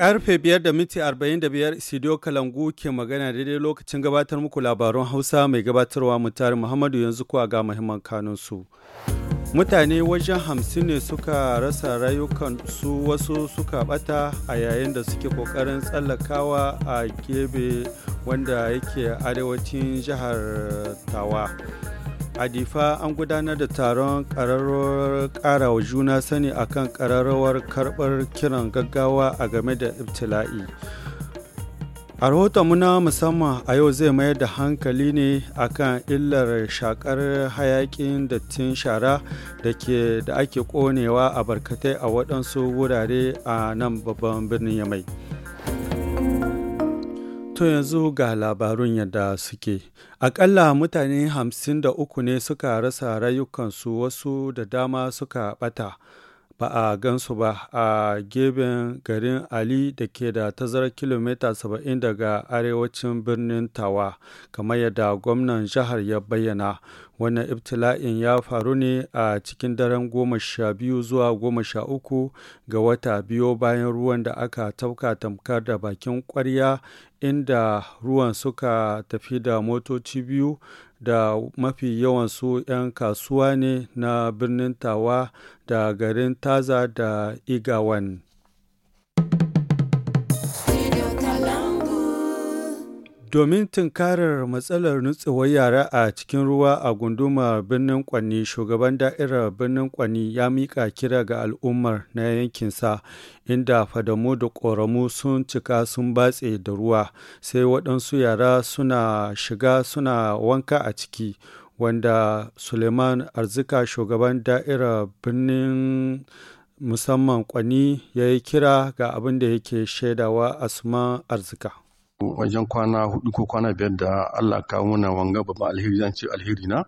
Karfe biyar da minti biyar Kalangu ke magana daidai lokacin gabatar muku labarun Hausa mai gabatarwa mutari Muhammadu yanzu kuwa ga muhimman kanunsu. Mutane wajen hamsin ne suka rasa rayukan su wasu suka bata a yayin da suke kokarin tsallakawa a gebe wanda yake arewacin jihar Tawa. adifa an gudanar da taron ƙararrawar wa juna sani akan kararrawar karɓar kiran gaggawa a game da ibtila'i a rahoton muna musamman a yau zai mayar da hankali ne akan illar shakar hayakin dattin shara da ke da ake konewa a barkatai a waɗansu wurare a nan babban birnin yamai. mai To yanzu ga labarun yadda suke. Akalla mutane hamsin da uku ne suka rasa rayukansu wasu da dama suka bata. Ba a gansu ba a gefen garin Ali da ke da tazarar kilomita saba'in daga arewacin birnin Tawa, kamar yadda gwamnan jihar ya bayyana. wannan ibtila'in ya faru ne a cikin daren goma sha biyu zuwa goma sha uku ga wata biyu bayan ruwan da aka tauka tamkar da bakin kwarya inda ruwan suka tafi da motoci biyu da mafi yawan su 'yan kasuwa ne na birnin tawa da garin taza da igawan Domin tunkarar matsalar nutsewar yara a cikin ruwa a gundumar birnin Kwanni, shugaban da'irar birnin Kwanni ya mika kira ga al'ummar na yankinsa, inda fadamu da ƙoramu sun cika sun batse da ruwa, sai waɗansu yara suna shiga suna wanka a ciki. Wanda Suleiman Arzika shugaban da'irar birnin musamman kwanni ya yi kira ga abin da yake shaidawa suman Arzika. wajen kwana hudu ko kwana biyar da Allah kawo muna wanga babban alheri zan ce alheri na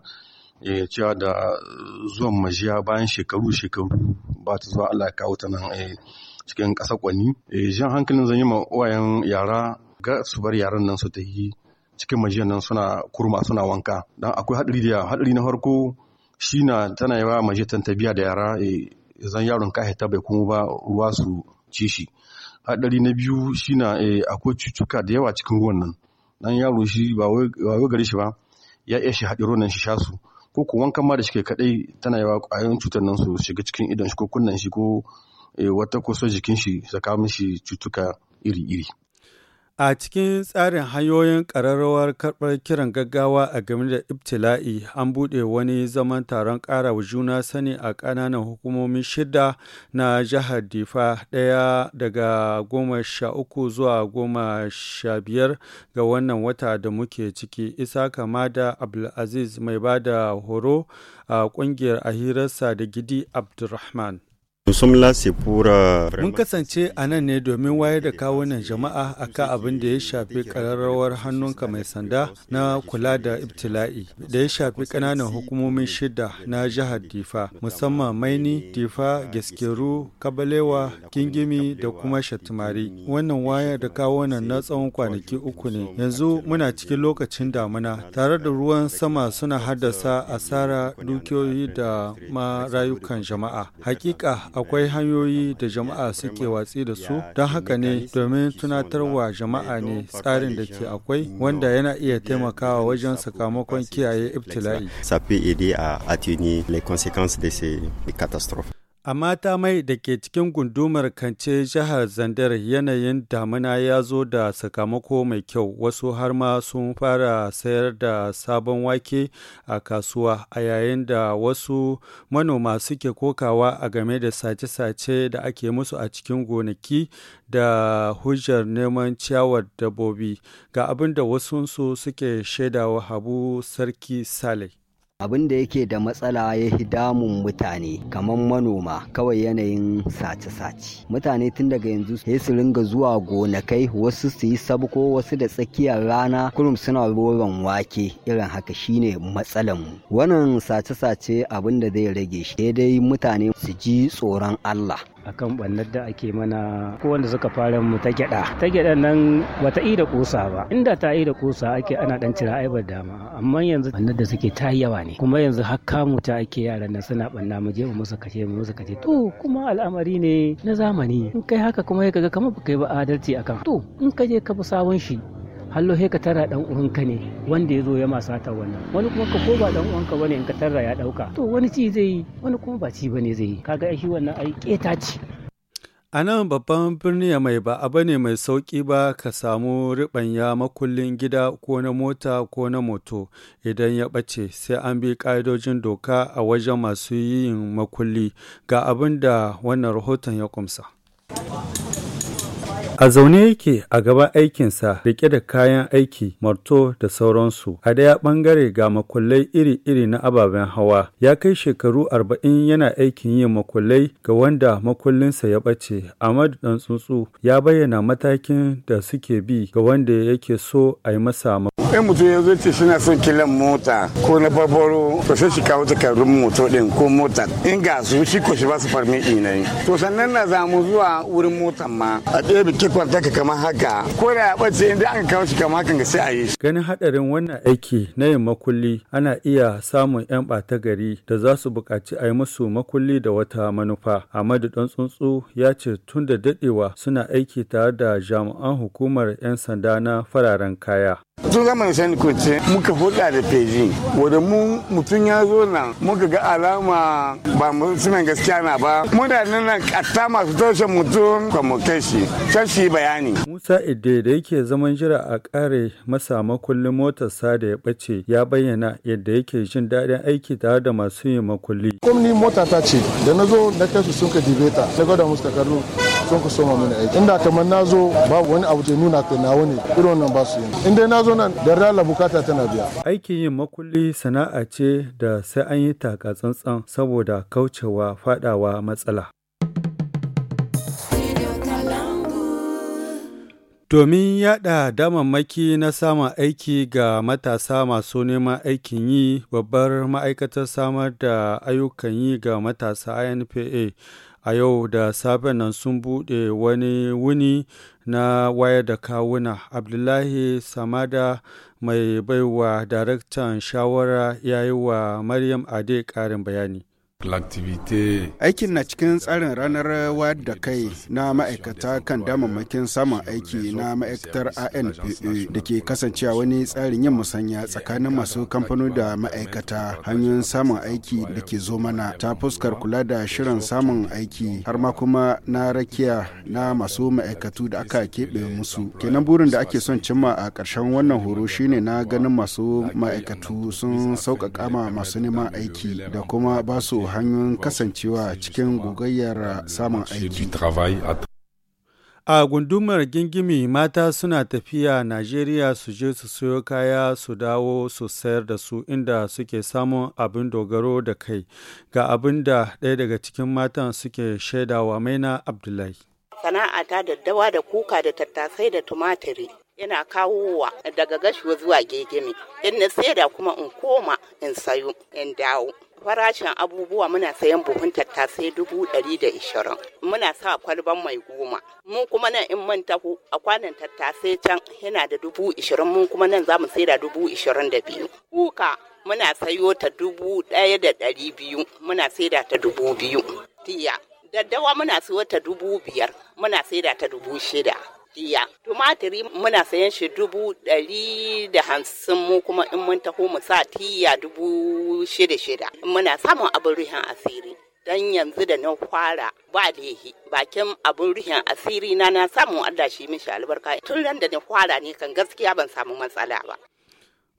ya eh, cewa da zuwan majiya bayan shekaru shekaru ba ta zuwa Allah kawo ta nan eh, cikin ƙasar kwani eh, jan hankalin zan yi ma uwayen yara ga su bar yaran nan su ta yi cikin majiyar nan suna kurma suna wanka dan akwai haɗari da haɗari na farko shi na tana yawa majiyar ta da yara zan yaron ka ta bai kuma ba ruwa su ci shi haɗari na biyu shi na eh, akwai cutuka da yawa cikin ruwan nan dan yaro shi ba wai gari shi ba ya iya shi haɗe ruwan shi sha su ko ku wankan ma da shi kaɗai tana yawa ƙwayoyin cutar nan su shiga cikin idon shi ko kunnen shi ko eh, wata kusa jikin shi saka mishi cutuka iri-iri A cikin tsarin hanyoyin ƙararrawar karɓar kiran gaggawa a game da ibtila'i, an buɗe wani zaman taron ƙara wa juna sani a ƙananan hukumomi shida na jihar Difa ɗaya daga goma sha uku zuwa goma sha biyar ga wannan wata da muke ciki. Isa kama da Abdulaziz mai ba da horo a ƙungiyar ahirarsa da Gidi Abdulrahman. Euh, Mun kasance a nan ne domin wayar da kawunan jama'a akan abin da ya shafi kararrawar hannunka mai sanda na kula da ibtila'i da ya shafi ƙananan hukumomin shida na jihar Difa musamman Maini, Difa, Gaskeru, Kabalewa, Kingimi da kuma Shatimari. Wannan wayar da kawunan na tsawon kwanaki uku ne. Yanzu muna cikin lokacin damuna tare da ruwan sama suna haddasa asara dukiyoyi da ma rayukan jama'a. Hakika akwai hanyoyi da jama'a suke watsi da su don haka ne domin tunatarwa jama'a ne tsarin da ke akwai wanda yana iya taimakawa wajen sakamakon kiyaye ibtila'i. A mata mai da ke cikin gundumar Kance jihar Zandar yanayin damuna ya zo da sakamako mai kyau wasu har ma sun fara sayar da sabon wake a kasuwa a yayin da wasu manoma suke kokawa a game da sace-sace da ake musu a cikin gonaki da hujjar neman ciyawar dabbobi ga abin da wasunsu suke shaidawa Habu Sarki Saleh. abin da yake da matsala ya damun mutane kamar manoma kawai yanayin sace-sace mutane tun daga yanzu sai su ringa zuwa gonakai wasu su yi sabko wasu da tsakiyar rana kurum suna roron wake irin haka shine matsalan mu wannan sace-sace abin da zai rage shi daidai mutane su ji tsoron Allah akan bannar da ake mana ko wanda suka fara mu ta gyaɗa. ta gyada nan wata yi da kusa ba inda ta yi da kusa ake ana ɗan cira aibar dama amma yanzu bannar da suke ta yawa ne kuma yanzu har kamu ta ake yaran nan suna banna mu je mu musu kace mu musu kace to kuma al'amari ne na zamani in kai haka kuma ya kaga kamar baka yi ba adalci akan to in ka je ka bi sabon shi hallo he ka tara dan uwanka ne wanda ya zo ya masa ta wannan wani kuma ka ko ba dan uwanka bane in ka tara ya dauka to wani ci zai yi wani kuma ba ci bane zai yi kaga shi wannan ai keta ce A nan babban birni mai ba abu ne mai sauƙi ba ka samu riɓanya makullin gida ko na mota ko na moto idan ya ɓace sai an bi ƙa'idojin doka a wajen masu yin makulli ga abin da wannan rahoton ya kumsa. A zaune yake a gaba aikinsa rike da kayan aiki, marto da sauransu. A daya bangare ga makullai iri-iri na ababen hawa. Ya kai shekaru arba'in yana aikin yin makullai ga wanda makullinsa ya bace Ahmad dan tsuntsu ya bayyana matakin da suke bi ga wanda yake so a yi masa in mutum ya zo suna son kilan mota ko na barbaro to sai shi kawo takardun moto din ko mota in ga su shi ko shi ba su farmi yi. to sannan na zamu zuwa wurin motan ma a ɗaya bikin takwarta ka kamar haka ko da ya ɓace inda an kawo shi kamar hakan sai a yi shi. ganin haɗarin wannan aiki na yin makulli ana iya samun 'yan ɓata gari da za su buƙaci a yi musu makulli da wata manufa amadu ɗan tsuntsu ya ce tun da daɗewa suna aiki tare da jami'an hukumar 'yan sanda na fararen kaya. tun zamanin sani kwace muka hulɗa da feji wadda mu mutum ya zo nan muka ga alama ba mutumin gaskiya na ba muna nan katta masu taushen mutum kamar kashi kashi bayani. musa ide da yake zaman jira a kare masa makullin motarsa da ya ɓace ya bayyana yadda yake jin daɗin aiki tare da masu yin makulli. kumni mota ta ce da na zo na kai su sun ka dibe ta na gwada musu takardu sun ka soma mini aiki inda kamar na zo babu wani abu da nuna kai na ne irin wannan ba su yi inda na zo nan da rala bukata tana biya. Aikin yin makulli sana'a ce da sai an yi taka tsantsan saboda kaucewa fadawa matsala. Domin yada damammaki na samun aiki ga matasa masu neman aikin yi, babbar ma'aikatar samar da ayyukan yi ga matasa INPA a yau da safen nan sun buɗe wani wuni na wayar da kawuna abdullahi samada mai baiwa daraktan shawara ya yi wa maryam ade ƙarin bayani Aikin na cikin tsarin ranar wayar da kai na ma'aikata kan damammakin samun aiki na ma'aikatar ANPA e da ke kasancewa wani tsarin yin musanya tsakanin masu kamfano da ma'aikata hanyoyin samun aiki da ke zo mana ta fuskar kula da shirin samun aiki har ma kuma na rakiya na masu ma'aikatu da aka keɓe musu. Kenan burin da ake son cimma a ƙarshen wannan horo shine na ganin masu ma'aikatu sun sauƙaƙa ma masu neman aiki da kuma ba su hanyoyin kasancewa cikin gogayyar samun aiki. A gundumar gingimi mata suna tafiya Najeriya su je su sayo kaya su dawo su sayar da su inda suke samun abin dogaro da kai ga abin da ɗaya daga cikin matan suke shaidawa maina Abdullahi. sana'a ta daddawa da kuka da tattasai da tumatiri yana kawowa daga gashuwa zuwa gingimi in sai da kuma in koma in sayo in dawo. farashin abubuwa muna sayan buhun tattasai dubu ɗari da ishirin muna sa kwalban mai goma mun kuma nan in man taho a kwanan tattasai can yana da dubu ishirin mun kuma nan za mu sai da dubu ishirin da biyu kuka muna sayo ta dubu ɗaya da ɗari biyu muna sai da ta dubu biyu tiya daddawa muna sayo ta dubu biyar muna sai da ta dubu shida diya tumatiri muna sayan shi dubu ɗari da hamsin mu kuma in mun taho mu sa tiya dubu shida shida muna samun abin ruhin asiri dan yanzu da na fara ba lehi bakin abin ruhin asiri na na samun Allah shi mishi albarka tun ran da na fara ne kan gaskiya ban samu matsala ba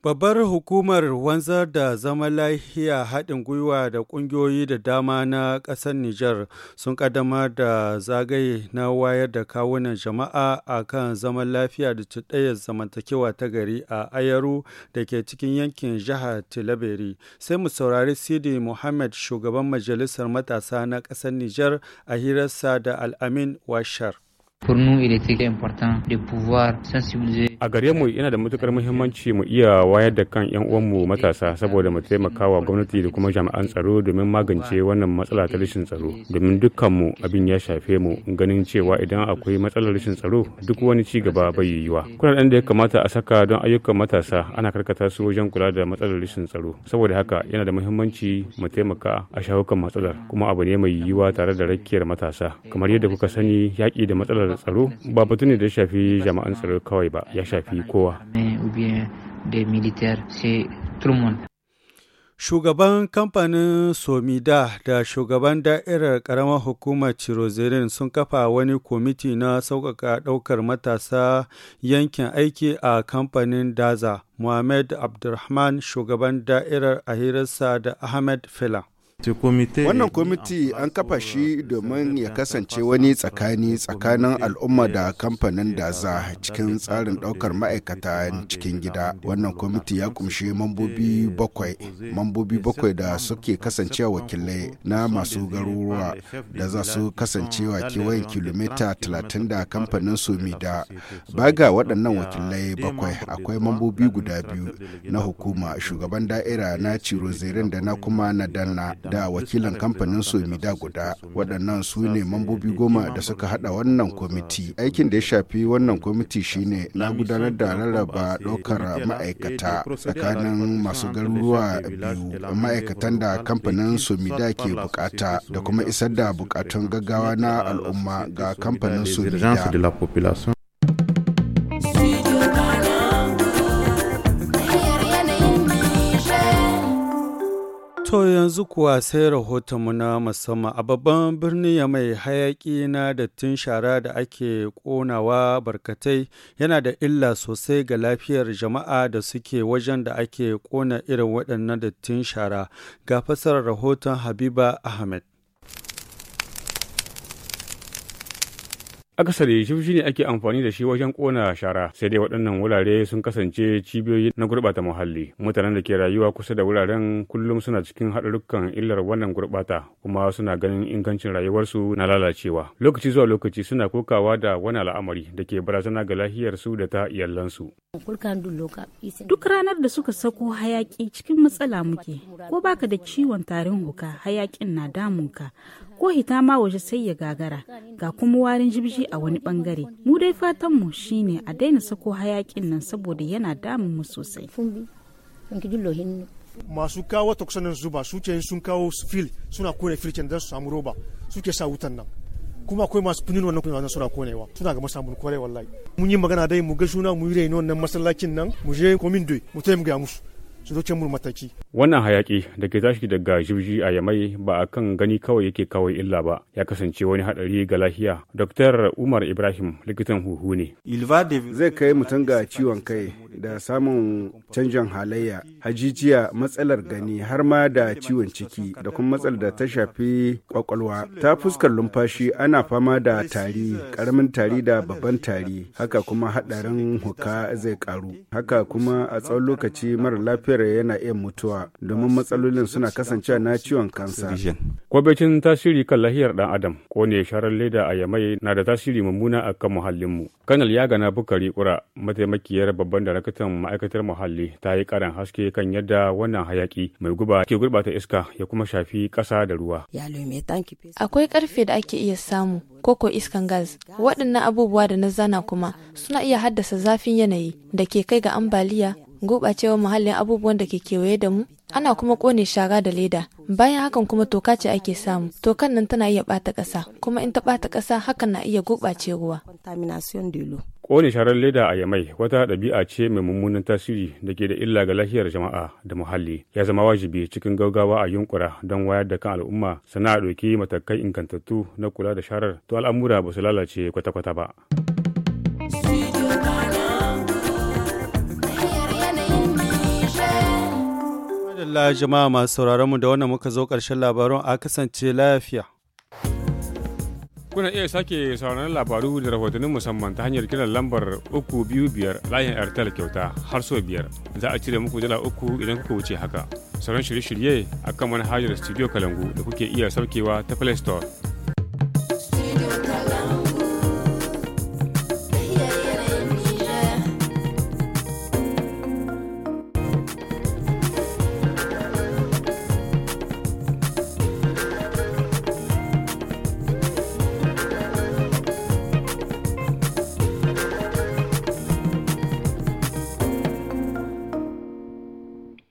Babbar hukumar wanzar da zama lafiya haɗin gwiwa da ƙungiyoyi da dama na ƙasar Nijar sun ƙaddamar da zagaye na wayar da kawunan jama'a a kan zama lafiya da ɗaya zamantakewa ta gari a Ayaru da ke cikin yankin jihar Tilaberi. Sai mu saurari Sidi Muhammad shugaban majalisar matasa na ƙasar Nijar a hirarsa da Al'amin Washar. Pour nous, il était important de pouvoir sensibiliser a gare mu yana da matukar muhimmanci mu iya wayar da kan 'yan uwanmu matasa saboda mu taimaka wa gwamnati da kuma jami'an tsaro domin magance wannan matsala ta rashin tsaro domin dukkanmu abin ya shafe mu ganin cewa idan akwai matsalar rashin tsaro duk wani ci gaba bai yiwuwa kuɗaɗen da ya kamata a saka don ayyukan matasa ana karkata su wajen kula da matsalar rashin tsaro saboda haka yana da muhimmanci mu taimaka a shawo kan matsalar kuma abu ne mai yiwuwa tare da rakiyar matasa kamar yadda kuka sani yaƙi da matsalar tsaro ba batu ne da ya shafi jami'an tsaro kawai ba ya shafi kowa Shugaban kamfanin Somida da shugaban da'irar ƙaramar hukumar Cirozerin sun kafa wani kwamiti na sauƙaƙa ɗaukar matasa yankin aiki a kamfanin Daza. Muhammad Abdulrahman shugaban da'irar a hirarsa da Ahmed Fela. Wannan kwamiti an kafa shi domin ya kasance wani tsakani tsakanin al'umma da kamfanin daza cikin tsarin daukar ma'aikata cikin gida. Wannan kwamiti ya kumshi mambobi bakwai, mambobi bakwai da suke kasancewa wakilai na masu garuruwa da za su kasancewa kewayen kilomita 30 da kamfanin Sumida. Baga waɗannan wakilai bakwai akwai mambobi guda biyu na hukuma shugaban da'ira na zirin da na kuma na Danna. da wakilan kamfanin sumida guda waɗannan su ne mambobi goma da suka hada wannan kwamiti aikin da ya shafi wannan kwamiti shine na gudanar da rarraba ɗaukar eh, ma'aikata tsakanin masu garuruwa biyu ma'aikatan da kamfanin sumida ke bukata da kuma isar da bukatun gaggawa na al'umma ga kamfanin sumida. yanzu kuwa sai rahotonmu na musamman a babban birnin mai hayaƙi na dattin shara da ake ƙonawa barkatai yana da illa sosai ga lafiyar jama'a da suke wajen da ake ƙona irin waɗannan dattin shara ga fasarar rahoton habiba ahmed Akasari shi ne ake amfani da shi wajen kona shara sai dai waɗannan wurare sun kasance cibiyoyi na gurɓata muhalli mutanen da ke rayuwa kusa da wuraren kullum suna cikin haɗarukan illar wannan gurɓata kuma suna ganin ingancin rayuwarsu na lalacewa lokaci zuwa lokaci suna kokawa da wani al'amari da ke barazana ga lafiyarsu da ta iyalansu. Duk ranar da suka sako hayaki cikin matsala muke, ko baka da ciwon tarin huka hayakin na damunka, ko hita ma waje sai ya gagara, ga kuma warin jibji a wani bangare. Mu dai fatanmu shine a daina sako hayakin nan saboda yana damun mu sosai. Masu kawo toksanin zuba suke sun kawo fil suna kone filcin don su samu roba suke sa wutan nan. kuma akwai masu funin wannan kunya suna konewa suna ga masamun kwarai wallahi mun yi magana dai mu ga suna mu yi rai nan masallacin nan mu je komin doi mu taimaka musu su zo mu mataki. Wannan hayaki da ke tashi daga jibji a yamai ba a kan gani kawai yake kawai illa ba ya kasance wani haɗari ga lafiya. Dr. Umar Ibrahim likitan huhu ne. Zai kai mutum ga ciwon kai da samun canjin halayya, hajijiya matsalar gani har ma da ciwon ciki da kuma matsalar da ta shafi kwakwalwa. Ta fuskar lumfashi ana fama da tari, karamin tari da babban tari, haka kuma hadarin huka zai karu. Haka kuma a tsawon lokaci mara lafiya bere yana iya mutuwa domin matsalolin suna kasancewa na ciwon kansa. Kwabecin tasiri kan lahiyar dan adam ko ne sharar leda a yamai na da tasiri mummuna a kan muhallinmu. Kanal ya gana bukari kura mataimakiyar babban darakatan ma'aikatar muhalli ta yi karan haske kan yadda wannan hayaki mai guba ke gurbata iska ya kuma shafi ƙasa da ruwa. Akwai karfe da ake iya samu koko iskan gas waɗannan abubuwa da na zana kuma suna iya haddasa zafin yanayi da ke kai ga ambaliya gurɓacewar muhallin abubuwan da ke kewaye da mu ana kuma kone shara da leda bayan hakan kuma toka ce ake samu tokan nan tana iya ɓata ƙasa kuma in ta ɓata ƙasa hakan na iya gurɓace ruwa Ƙone sharar leda a Yamai wata ɗabi'a ce mai mummunan tasiri da ke da illa ga lafiyar jama'a da muhalli. Ya zama wajibi cikin gaugawa a yunkura don wayar da kan al'umma sana'a ɗauki matakai ingantattu na kula da sharar to al'amura ba su lalace kwata-kwata ba. Alhamdulillah jama'a masu sauraron mu da wannan muka zo ƙarshen labarun a kasance lafiya. Kuna iya sake sauraron labaru da rahotannin musamman ta hanyar kiran lambar 325 layin Airtel kyauta har so biyar. Za a cire muku dala uku idan kuka wuce haka. Sauran shirye-shirye a kan manhajar Studio Kalangu da kuke iya saukewa ta Play Store.